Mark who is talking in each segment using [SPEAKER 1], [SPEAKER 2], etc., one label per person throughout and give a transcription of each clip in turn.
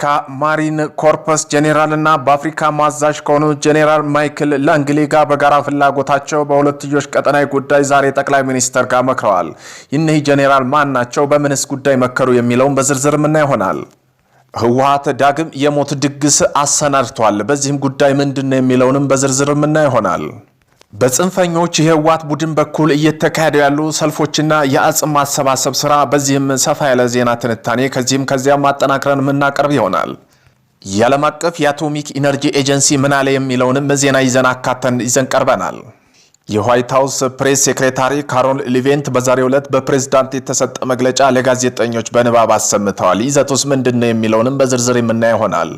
[SPEAKER 1] በአሜሪካ ማሪን ኮርፐስ ጄኔራል እና በአፍሪካ ማዛዥ ከሆኑ ጄኔራል ማይክል ላንግሌ ጋር በጋራ ፍላጎታቸው በሁለትዮሽ ቀጠናዊ ጉዳይ ዛሬ ጠቅላይ ሚኒስተር ጋር መክረዋል። እነዚህ ጄኔራል ማን ናቸው? በምንስ ጉዳይ መከሩ? የሚለውን በዝርዝር ምና ይሆናል። ህወሀት ዳግም የሞት ድግስ አሰናድቷል። በዚህም ጉዳይ ምንድን ነው የሚለውንም በዝርዝር ምና ይሆናል። በጽንፈኞች የህወሓት ቡድን በኩል እየተካሄዱ ያሉ ሰልፎችና የአጽም ማሰባሰብ ስራ፣ በዚህም ሰፋ ያለ ዜና ትንታኔ ከዚህም ከዚያም ማጠናክረን የምናቀርብ ይሆናል። የዓለም አቀፍ የአቶሚክ ኢነርጂ ኤጀንሲ ምን አለ የሚለውንም ዜና ይዘን አካተን ይዘን ቀርበናል። የዋይት ሀውስ ፕሬስ ሴክሬታሪ ካሮል ሊቬንት በዛሬው ዕለት በፕሬዝዳንት የተሰጠ መግለጫ ለጋዜጠኞች በንባብ አሰምተዋል። ይዘቱስ ምንድን ነው የሚለውንም በዝርዝር የምናይ ይሆናል።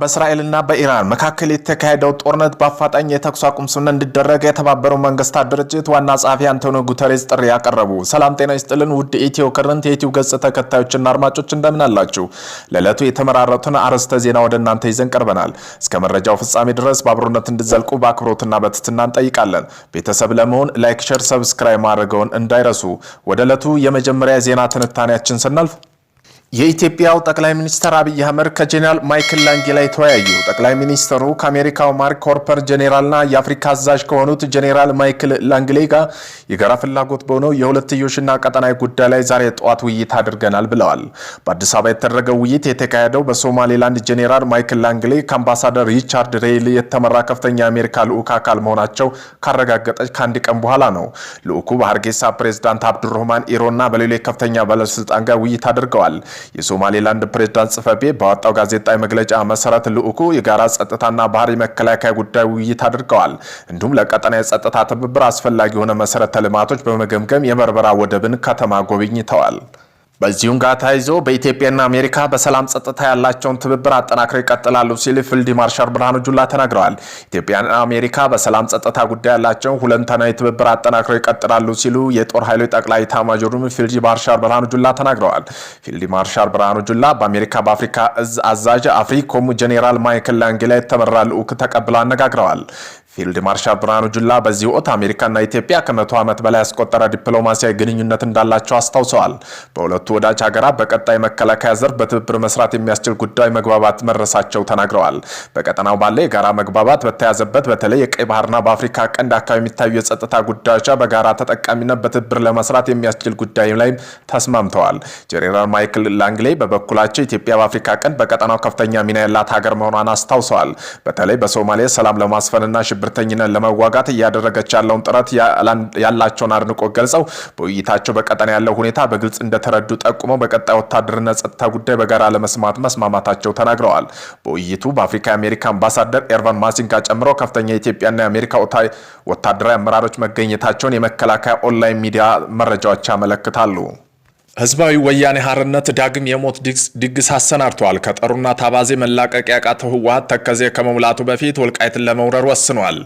[SPEAKER 1] በእስራኤልና በኢራን መካከል የተካሄደው ጦርነት በአፋጣኝ የተኩስ አቁም ስምምነት እንዲደረግ የተባበሩ መንግስታት ድርጅት ዋና ጸሐፊ አንቶኒዮ ጉተሬስ ጥሪ ያቀረቡ። ሰላም ጤና ይስጥልን ውድ ኢትዮ ከረንት የኢትዮ ገጽ ተከታዮችና አድማጮች እንደምን አላችሁ? ለዕለቱ የተመራረቱን አርዕስተ ዜና ወደ እናንተ ይዘን ቀርበናል። እስከ መረጃው ፍጻሜ ድረስ በአብሮነት እንዲዘልቁ በአክብሮትና በትትና እንጠይቃለን። ቤተሰብ ለመሆን ላይክ፣ ሸር፣ ሰብስክራይብ ማድረገውን እንዳይረሱ። ወደ ዕለቱ የመጀመሪያ ዜና ትንታኔያችን ስናልፍ የኢትዮጵያው ጠቅላይ ሚኒስትር አብይ አህመድ ከጄኔራል ማይክል ላንጌ ላይ ተወያዩ። ጠቅላይ ሚኒስትሩ ከአሜሪካው ማርክ ኮርፐር ጄኔራልና የአፍሪካ አዛዥ ከሆኑት ጄኔራል ማይክል ላንግሌ ጋር የጋራ ፍላጎት በሆነው የሁለትዮሽና ቀጠናዊ ጉዳይ ላይ ዛሬ ጠዋት ውይይት አድርገናል ብለዋል። በአዲስ አበባ የተደረገው ውይይት የተካሄደው በሶማሌላንድ ጄኔራል ማይክል ላንግሌ ከአምባሳደር ሪቻርድ ሬይል የተመራ ከፍተኛ የአሜሪካ ልዑክ አካል መሆናቸው ካረጋገጠች ከአንድ ቀን በኋላ ነው። ልዑኩ በሀርጌሳ ፕሬዚዳንት አብዱራህማን ኢሮና በሌሎች ከፍተኛ ባለስልጣን ጋር ውይይት አድርገዋል። የሶማሌላንድ ፕሬዝዳንት ጽህፈት ቤት በወጣው ጋዜጣዊ መግለጫ መሰረት ልዑኩ የጋራ ጸጥታና ባህር መከላከያ ጉዳይ ውይይት አድርገዋል። እንዲሁም ለቀጠና የጸጥታ ትብብር አስፈላጊ የሆነ መሰረተ ልማቶች በመገምገም የበርበራ ወደብን ከተማ ጎብኝተዋል። በዚሁም ጋር ተያይዞ በኢትዮጵያና አሜሪካ በሰላም ጸጥታ ያላቸውን ትብብር አጠናክረው ይቀጥላሉ ሲል ፊልድ ማርሻል ብርሃኑ ጁላ ተናግረዋል። ኢትዮጵያና አሜሪካ በሰላም ጸጥታ ጉዳይ ያላቸውን ሁለንተናዊ ትብብር አጠናክረው ይቀጥላሉ ሲሉ የጦር ኃይሎች ጠቅላይ ኤታማዦሩም ፊልድ ማርሻል ብርሃኑ ጁላ ተናግረዋል። ፊልድ ማርሻል ብርሃኑ ጁላ በአሜሪካ በአፍሪካ እዝ አዛዥ አፍሪኮም ጄኔራል ማይክል ላንጌላ የተመራ ልዑክ ተቀብለው አነጋግረዋል። ፊልድ ማርሻል ብርሃኑ ጁላ በዚህ ወቅት አሜሪካና ኢትዮጵያ ከመቶ ዓመት በላይ ያስቆጠረ ዲፕሎማሲያዊ ግንኙነት እንዳላቸው አስታውሰዋል። በሁለቱ ወዳጅ ሀገራት በቀጣይ መከላከያ ዘርፍ በትብብር መስራት የሚያስችል ጉዳይ መግባባት መድረሳቸው ተናግረዋል። በቀጠናው ባለ የጋራ መግባባት በተያዘበት በተለይ የቀይ ባህርና በአፍሪካ ቀንድ አካባቢ የሚታዩ የጸጥታ ጉዳዮች በጋራ ተጠቃሚነት በትብብር ለመስራት የሚያስችል ጉዳይ ላይም ተስማምተዋል። ጄኔራል ማይክል ላንግሌ በበኩላቸው ኢትዮጵያ በአፍሪካ ቀንድ በቀጠናው ከፍተኛ ሚና ያላት ሀገር መሆኗን አስታውሰዋል። በተለይ በሶማሌ ሰላም ለማስፈንና ሽብር ሽብርተኝነት ለመዋጋት እያደረገች ያለውን ጥረት ያላቸውን አድንቆት ገልጸው በውይይታቸው በቀጠና ያለው ሁኔታ በግልጽ እንደተረዱ ጠቁመው በቀጣይ ወታደርና ጸጥታ ጉዳይ በጋራ ለመስማት መስማማታቸው ተናግረዋል። በውይይቱ በአፍሪካ የአሜሪካ አምባሳደር ኤርቫን ማሲንጋ ጨምሮ ከፍተኛ የኢትዮጵያና የአሜሪካ ወታደራዊ አመራሮች መገኘታቸውን የመከላከያ ኦንላይን ሚዲያ መረጃዎች ያመለክታሉ። ህዝባዊ ወያኔ ሀርነት ዳግም የሞት ድግስ አሰናድተዋል። ከጠሩና ታባዜ መላቀቅ ያቃተው ህወሀት ተከዜ ከመሙላቱ በፊት ወልቃይትን ለመውረር ወስኗል።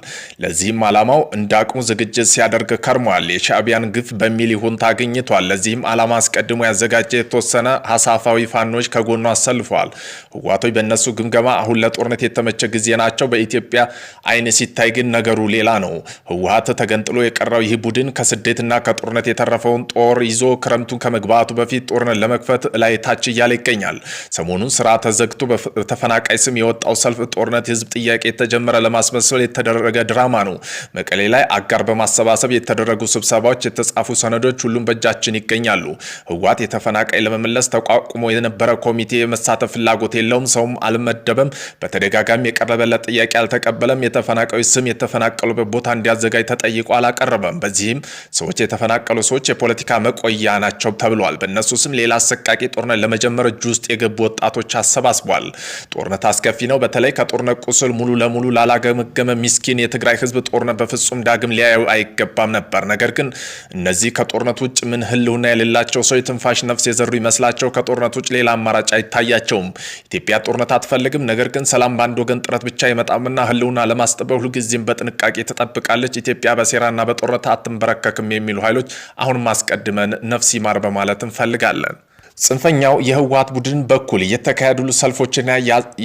[SPEAKER 1] ለዚህም ዓላማው እንደ አቅሙ ዝግጅት ሲያደርግ ከርሟል። የሻዕቢያን ግፍ በሚል ይሁን ታገኝቷል። ለዚህም ዓላማ አስቀድሞ ያዘጋጀ የተወሰነ ሀሳፋዊ ፋኖች ከጎኑ አሰልፈዋል። ህወሓቶች በእነሱ ግምገማ አሁን ለጦርነት የተመቸ ጊዜ ናቸው። በኢትዮጵያ አይን ሲታይ ግን ነገሩ ሌላ ነው። ህወሀት ተገንጥሎ የቀረው ይህ ቡድን ከስደትና ከጦርነት የተረፈውን ጦር ይዞ ክረምቱን ከመግባ ከመግባቱ በፊት ጦርነት ለመክፈት ላይ ታች እያለ ይገኛል። ሰሞኑን ስራ ተዘግቶ በተፈናቃይ ስም የወጣው ሰልፍ ጦርነት የህዝብ ጥያቄ የተጀመረ ለማስመሰል የተደረገ ድራማ ነው። መቀሌ ላይ አጋር በማሰባሰብ የተደረጉ ስብሰባዎች፣ የተጻፉ ሰነዶች ሁሉም በእጃችን ይገኛሉ። ህወሓት የተፈናቃይ ለመመለስ ተቋቁሞ የነበረ ኮሚቴ የመሳተፍ ፍላጎት የለውም። ሰውም አልመደበም። በተደጋጋሚ የቀረበለት ጥያቄ አልተቀበለም። የተፈናቃዮች ስም የተፈናቀሉበት ቦታ እንዲያዘጋጅ ተጠይቆ አላቀረበም። በዚህም ሰዎች የተፈናቀሉ ሰዎች የፖለቲካ መቆያ ናቸው ተብሏል። ብሏል። በእነሱ ስም ሌላ አሰቃቂ ጦርነት ለመጀመር እጅ ውስጥ የገቡ ወጣቶች አሰባስቧል። ጦርነት አስከፊ ነው። በተለይ ከጦርነት ቁስል ሙሉ ለሙሉ ላላገመገመ ሚስኪን የትግራይ ህዝብ ጦርነት በፍጹም ዳግም ሊያዩ አይገባም ነበር። ነገር ግን እነዚህ ከጦርነት ውጭ ምን ህልውና የሌላቸው ሰው የትንፋሽ ነፍስ የዘሩ ይመስላቸው ከጦርነት ውጭ ሌላ አማራጭ አይታያቸውም። ኢትዮጵያ ጦርነት አትፈልግም። ነገር ግን ሰላም በአንድ ወገን ጥረት ብቻ ይመጣምና ህልውና ለማስጠበቅ ሁልጊዜም በጥንቃቄ ትጠብቃለች። ኢትዮጵያ በሴራና በጦርነት አትንበረከክም የሚሉ ኃይሎች አሁንም አስቀድመን ነፍስ ይማር በማለት ማለት እንፈልጋለን ጽንፈኛው የህወሓት ቡድን በኩል እየተካሄዱ ሰልፎችና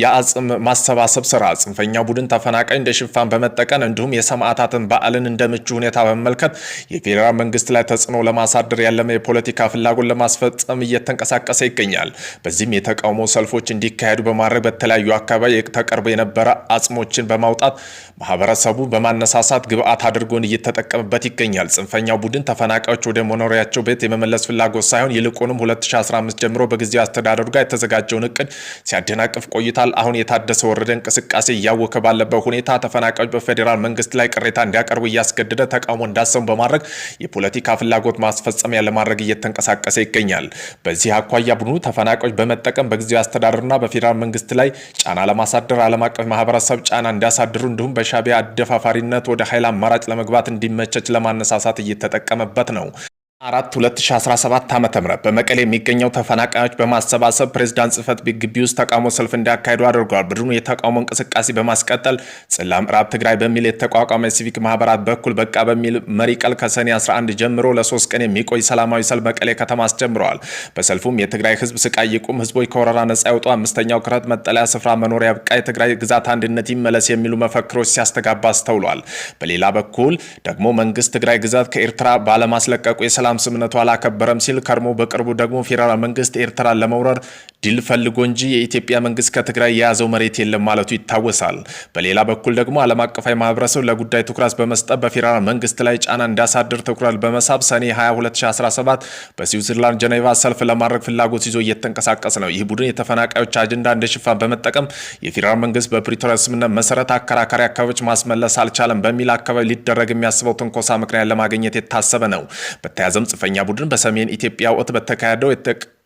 [SPEAKER 1] የአጽም ማሰባሰብ ስራ ጽንፈኛው ቡድን ተፈናቃይ እንደ ሽፋን በመጠቀም እንዲሁም የሰማዕታትን በዓልን እንደምቹ ሁኔታ በመመልከት የፌዴራል መንግስት ላይ ተጽዕኖ ለማሳደር ያለመ የፖለቲካ ፍላጎት ለማስፈጸም እየተንቀሳቀሰ ይገኛል። በዚህም የተቃውሞ ሰልፎች እንዲካሄዱ በማድረግ በተለያዩ አካባቢ ተቀርቦ የነበረ አጽሞችን በማውጣት ማህበረሰቡ በማነሳሳት ግብአት አድርጎን እየተጠቀምበት ይገኛል። ጽንፈኛው ቡድን ተፈናቃዮች ወደ መኖሪያቸው ቤት የመመለስ ፍላጎት ሳይሆን ይልቁንም 2015 2015 ጀምሮ በጊዜያዊ አስተዳደሩ ጋር የተዘጋጀውን እቅድ ሲያደናቅፍ ቆይታል። አሁን የታደሰ ወረደ እንቅስቃሴ እያወከ ባለበት ሁኔታ ተፈናቃዮች በፌዴራል መንግስት ላይ ቅሬታ እንዲያቀርቡ እያስገደደ ተቃውሞ እንዳሰሙ በማድረግ የፖለቲካ ፍላጎት ማስፈጸሚያ ለማድረግ እየተንቀሳቀሰ ይገኛል። በዚህ አኳያ ቡድኑ ተፈናቃዮች በመጠቀም በጊዜያዊ አስተዳደሩና በፌዴራል መንግስት ላይ ጫና ለማሳደር ዓለም አቀፍ ማህበረሰብ ጫና እንዲያሳድሩ እንዲሁም በሻቢያ አደፋፋሪነት ወደ ኃይል አማራጭ ለመግባት እንዲመቸች ለማነሳሳት እየተጠቀመበት ነው። አራት 2017 ዓ ም በመቀሌ የሚገኘው ተፈናቃዮች በማሰባሰብ ፕሬዚዳንት ጽህፈት ቤት ግቢ ውስጥ ተቃውሞ ሰልፍ እንዲያካሂዱ አድርገዋል። ቡድኑ የተቃውሞ እንቅስቃሴ በማስቀጠል ጽላ ምዕራብ ትግራይ በሚል የተቋቋመ ሲቪክ ማህበራት በኩል በቃ በሚል መሪ ቃል ከሰኔ 11 ጀምሮ ለሶስት ቀን የሚቆይ ሰላማዊ ሰልፍ መቀሌ ከተማ አስጀምረዋል። በሰልፉም የትግራይ ህዝብ ስቃይ ይቁም፣ ህዝቦች ከወረራ ነጻ ያውጡ፣ አምስተኛው ክረት መጠለያ ስፍራ መኖሪያ ብቃ፣ የትግራይ ግዛት አንድነት ይመለስ የሚሉ መፈክሮች ሲያስተጋባ አስተውሏል። በሌላ በኩል ደግሞ መንግስት ትግራይ ግዛት ከኤርትራ ባለማስለቀቁ የሰላም ሰላም ስምነቱ አላከበረም ሲል ከርሞ በቅርቡ ደግሞ ፌዴራል መንግስት ኤርትራን ለመውረር ድል ፈልጎ እንጂ የኢትዮጵያ መንግስት ከትግራይ የያዘው መሬት የለም ማለቱ ይታወሳል። በሌላ በኩል ደግሞ ዓለም አቀፋዊ ማህበረሰብ ለጉዳይ ትኩረት በመስጠት በፌዴራል መንግስት ላይ ጫና እንዳሳድር ትኩረት በመሳብ ሰኔ 22017 2017 በስዊዘርላንድ ጀኔቫ ሰልፍ ለማድረግ ፍላጎት ይዞ እየተንቀሳቀስ ነው። ይህ ቡድን የተፈናቃዮች አጀንዳ እንደ ሽፋን በመጠቀም የፌዴራል መንግስት በፕሪቶሪያ ስምምነት መሰረት አከራካሪ አካባቢዎች ማስመለስ አልቻለም በሚል አካባቢ ሊደረግ የሚያስበው ትንኮሳ ምክንያት ለማግኘት የታሰበ ነው። በተያያዘም ጽንፈኛ ቡድን በሰሜን ኢትዮጵያ ወቅት በተካሄደው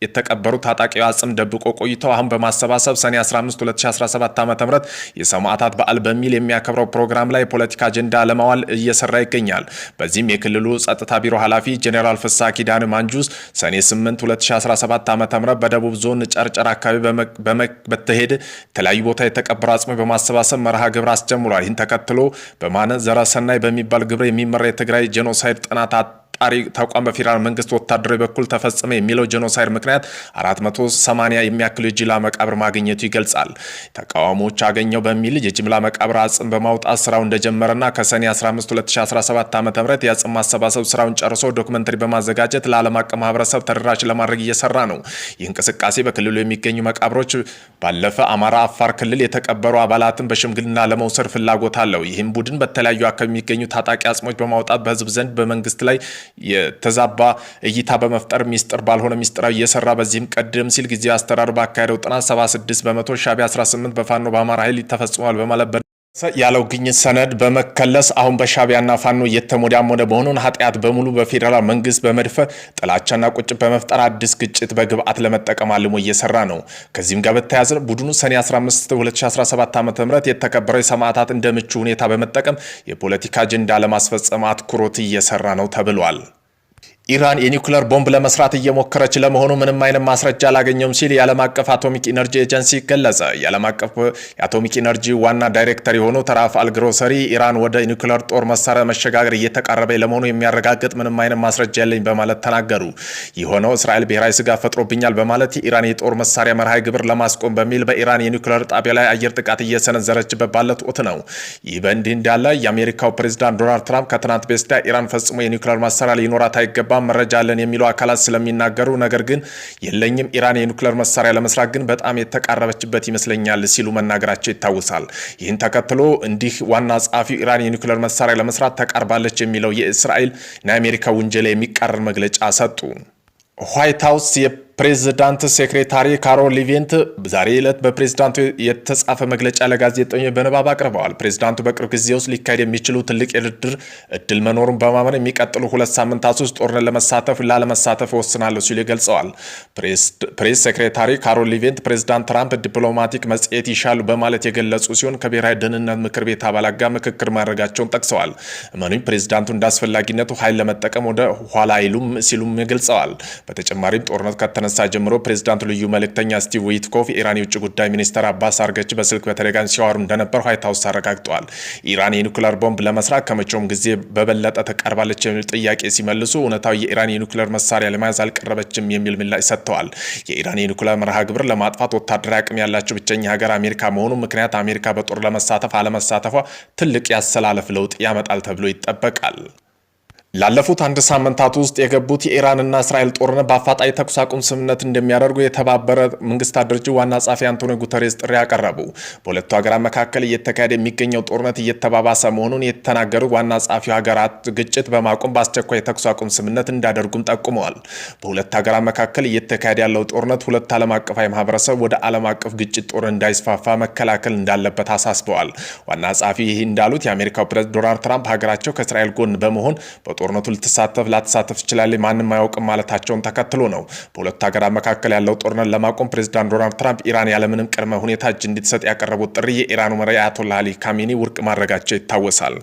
[SPEAKER 1] የተቀበሩ ታጣቂ አጽም ደብቆ ቆይተው አሁን በማሰባሰብ ሰኔ 15 2017 ዓ ም የሰማዕታት በዓል በሚል የሚያከብረው ፕሮግራም ላይ የፖለቲካ አጀንዳ ለማዋል እየሰራ ይገኛል። በዚህም የክልሉ ጸጥታ ቢሮ ኃላፊ ጄኔራል ፍሳ ኪዳን ማንጁስ ሰኔ 8 2017 ዓ ም በደቡብ ዞን ጨርጨር አካባቢ በተሄድ የተለያዩ ቦታ የተቀበሩ አጽሞች በማሰባሰብ መርሃ ግብር አስጀምሯል። ይህን ተከትሎ በማነ ዘረሰናይ በሚባል ግብር የሚመራ የትግራይ ጄኖሳይድ ጥናት አጣሪ ተቋም በፌዴራል መንግስት ወታደራዊ በኩል ተፈጸመ የሚለው ጄኖሳይድ ምክንያት 480 የሚያክሉ የጅምላ መቃብር ማግኘቱ ይገልጻል። ተቃዋሚዎች አገኘው በሚል የጅምላ መቃብር አጽም በማውጣት ስራው እንደጀመረና ከሰኔ 15 2017 ዓ ም የአጽም ማሰባሰብ ስራውን ጨርሶ ዶክመንተሪ በማዘጋጀት ለዓለም አቀፍ ማህበረሰብ ተደራሽ ለማድረግ እየሰራ ነው። ይህ እንቅስቃሴ በክልሉ የሚገኙ መቃብሮች ባለፈ አማራ፣ አፋር ክልል የተቀበሩ አባላትን በሽምግልና ለመውሰድ ፍላጎት አለው። ይህም ቡድን በተለያዩ አካባቢ የሚገኙ ታጣቂ አጽሞች በማውጣት በህዝብ ዘንድ በመንግስት ላይ የተዛባ እይታ በመፍጠር ሚስጥር ባልሆነ ሚስጥራዊ እየሰራ በዚህም ቀደም ሲል ጊዜ አስተራር ባካሄደው ጥናት 76 በመቶ ሻቢያ 18 በፋኖ በአማራ ኃይል ተፈጽሟል በማለት ያለው ግኝት ሰነድ በመከለስ አሁን በሻቢያና ፋኖ እየተሞዳሞደ በሆኑን ኃጢአት በሙሉ በፌዴራል መንግስት በመድፈ ጥላቻና ቁጭት በመፍጠር አዲስ ግጭት በግብአት ለመጠቀም አልሞ እየሰራ ነው። ከዚህም ጋር በተያያዘ ቡድኑ ሰኔ 15 2017 ዓ ም የተከበረው የሰማዕታት እንደ ምቹ ሁኔታ በመጠቀም የፖለቲካ አጀንዳ ለማስፈጸም አትኩሮት እየሰራ ነው ተብሏል። ኢራን የኒውክለር ቦምብ ለመስራት እየሞከረች ለመሆኑ ምንም አይነት ማስረጃ አላገኘውም ሲል የዓለም አቀፍ አቶሚክ ኢነርጂ ኤጀንሲ ገለጸ። የዓለም አቀፍ የአቶሚክ ኢነርጂ ዋና ዳይሬክተር የሆኑ ተራፍ አልግሮሰሪ ኢራን ወደ ኒውክለር ጦር መሳሪያ መሸጋገር እየተቃረበ ለመሆኑ የሚያረጋግጥ ምንም አይነት ማስረጃ የለኝ በማለት ተናገሩ። ይህ ሆነው እስራኤል ብሔራዊ ስጋት ፈጥሮብኛል በማለት የኢራን የጦር መሳሪያ መርሃይ ግብር ለማስቆም በሚል በኢራን የኒውክለር ጣቢያ ላይ አየር ጥቃት እየሰነዘረችበት ባለት ወቅት ነው። ይህ በእንዲህ እንዳለ የአሜሪካው ፕሬዚዳንት ዶናልድ ትራምፕ ከትናንት በስቲያ ኢራን ፈጽሞ የኒውክለር መሳሪያ ሊኖራት አይገባ የሚገባ መረጃ አለን የሚሉ አካላት ስለሚናገሩ ነገር ግን የለኝም ኢራን የኒውክሌር መሳሪያ ለመስራት ግን በጣም የተቃረበችበት ይመስለኛል ሲሉ መናገራቸው ይታወሳል። ይህን ተከትሎ እንዲህ ዋና ጸሐፊው ኢራን የኒውክሌር መሳሪያ ለመስራት ተቃርባለች የሚለው የእስራኤል እና የአሜሪካ ውንጀላ የሚቃረን መግለጫ ሰጡ። ዋይት ሀውስ ፕሬዝዳንት ሴክሬታሪ ካሮል ሊቬንት ዛሬ ዕለት በፕሬዝዳንቱ የተጻፈ መግለጫ ለጋዜጠኞች በንባብ አቅርበዋል። ፕሬዝዳንቱ በቅርብ ጊዜ ውስጥ ሊካሄድ የሚችሉ ትልቅ የድርድር እድል መኖሩን በማመን የሚቀጥሉ ሁለት ሳምንታት ውስጥ ጦርነት ለመሳተፍ ላለመሳተፍ ወስናለሁ ሲሉ ይገልጸዋል። ፕሬስ ሴክሬታሪ ካሮል ሊቬንት ፕሬዝዳንት ትራምፕ ዲፕሎማቲክ መጽሔት ይሻሉ በማለት የገለጹ ሲሆን ከብሔራዊ ደህንነት ምክር ቤት አባላት ጋር ምክክር ማድረጋቸውን ጠቅሰዋል። እመኑ ፕሬዝዳንቱ እንዳስፈላጊነቱ ኃይል ለመጠቀም ወደ ኋላ አይሉም ሲሉም ገልጸዋል። በተጨማሪም ጦርነት ከተነ ከተነሳ ጀምሮ ፕሬዚዳንቱ ልዩ መልእክተኛ ስቲቭ ዊትኮፍ የኢራን የውጭ ጉዳይ ሚኒስትር አባስ አርገች በስልክ በተደጋጋሚ ሲያወሩ እንደነበር ዋይት ሀውስ አረጋግጠዋል። ኢራን የኒኩሌር ቦምብ ለመስራት ከመቼውም ጊዜ በበለጠ ተቀርባለች የሚል ጥያቄ ሲመልሱ እውነታው የኢራን የኒኩሌር መሳሪያ ለመያዝ አልቀረበችም የሚል ምላሽ ሰጥተዋል። የኢራን የኒኩሌር መርሃ ግብር ለማጥፋት ወታደራዊ አቅም ያላቸው ብቸኛ ሀገር አሜሪካ መሆኑ ምክንያት አሜሪካ በጦር ለመሳተፍ አለመሳተፏ ትልቅ ያሰላለፍ ለውጥ ያመጣል ተብሎ ይጠበቃል። ላለፉት አንድ ሳምንታት ውስጥ የገቡት የኢራንና እስራኤል ጦርነት በአፋጣኝ ተኩስ አቁም ስምምነት እንደሚያደርጉ የተባበረ መንግስታት ድርጅት ዋና ጸሐፊ አንቶኒ ጉተሬስ ጥሪ አቀረቡ። በሁለቱ ሀገራት መካከል እየተካሄደ የሚገኘው ጦርነት እየተባባሰ መሆኑን የተናገሩ ዋና ጸሐፊው ሀገራት ግጭት በማቆም በአስቸኳይ ተኩስ አቁም ስምምነት እንዳደርጉም ጠቁመዋል። በሁለቱ ሀገራት መካከል እየተካሄደ ያለው ጦርነት ሁለት ዓለም አቀፋዊ ማህበረሰብ ወደ ዓለም አቀፍ ግጭት ጦር እንዳይስፋፋ መከላከል እንዳለበት አሳስበዋል። ዋና ጸሐፊ ይህ እንዳሉት የአሜሪካው ፕሬዝዳንት ዶናልድ ትራምፕ ሀገራቸው ከእስራኤል ጎን በመሆን በጦርነቱ ልትሳተፍ ላትሳተፍ ትችላለች፣ ማንም አያውቅም ማለታቸውን ተከትሎ ነው። በሁለቱ ሀገራት መካከል ያለው ጦርነት ለማቆም ፕሬዚዳንት ዶናልድ ትራምፕ ኢራን ያለምንም ቅድመ ሁኔታ እጅ እንድትሰጥ ያቀረቡት ጥሪ የኢራኑ መሪ አያቶላ አሊ ካሜኒ ውድቅ ማድረጋቸው ይታወሳል።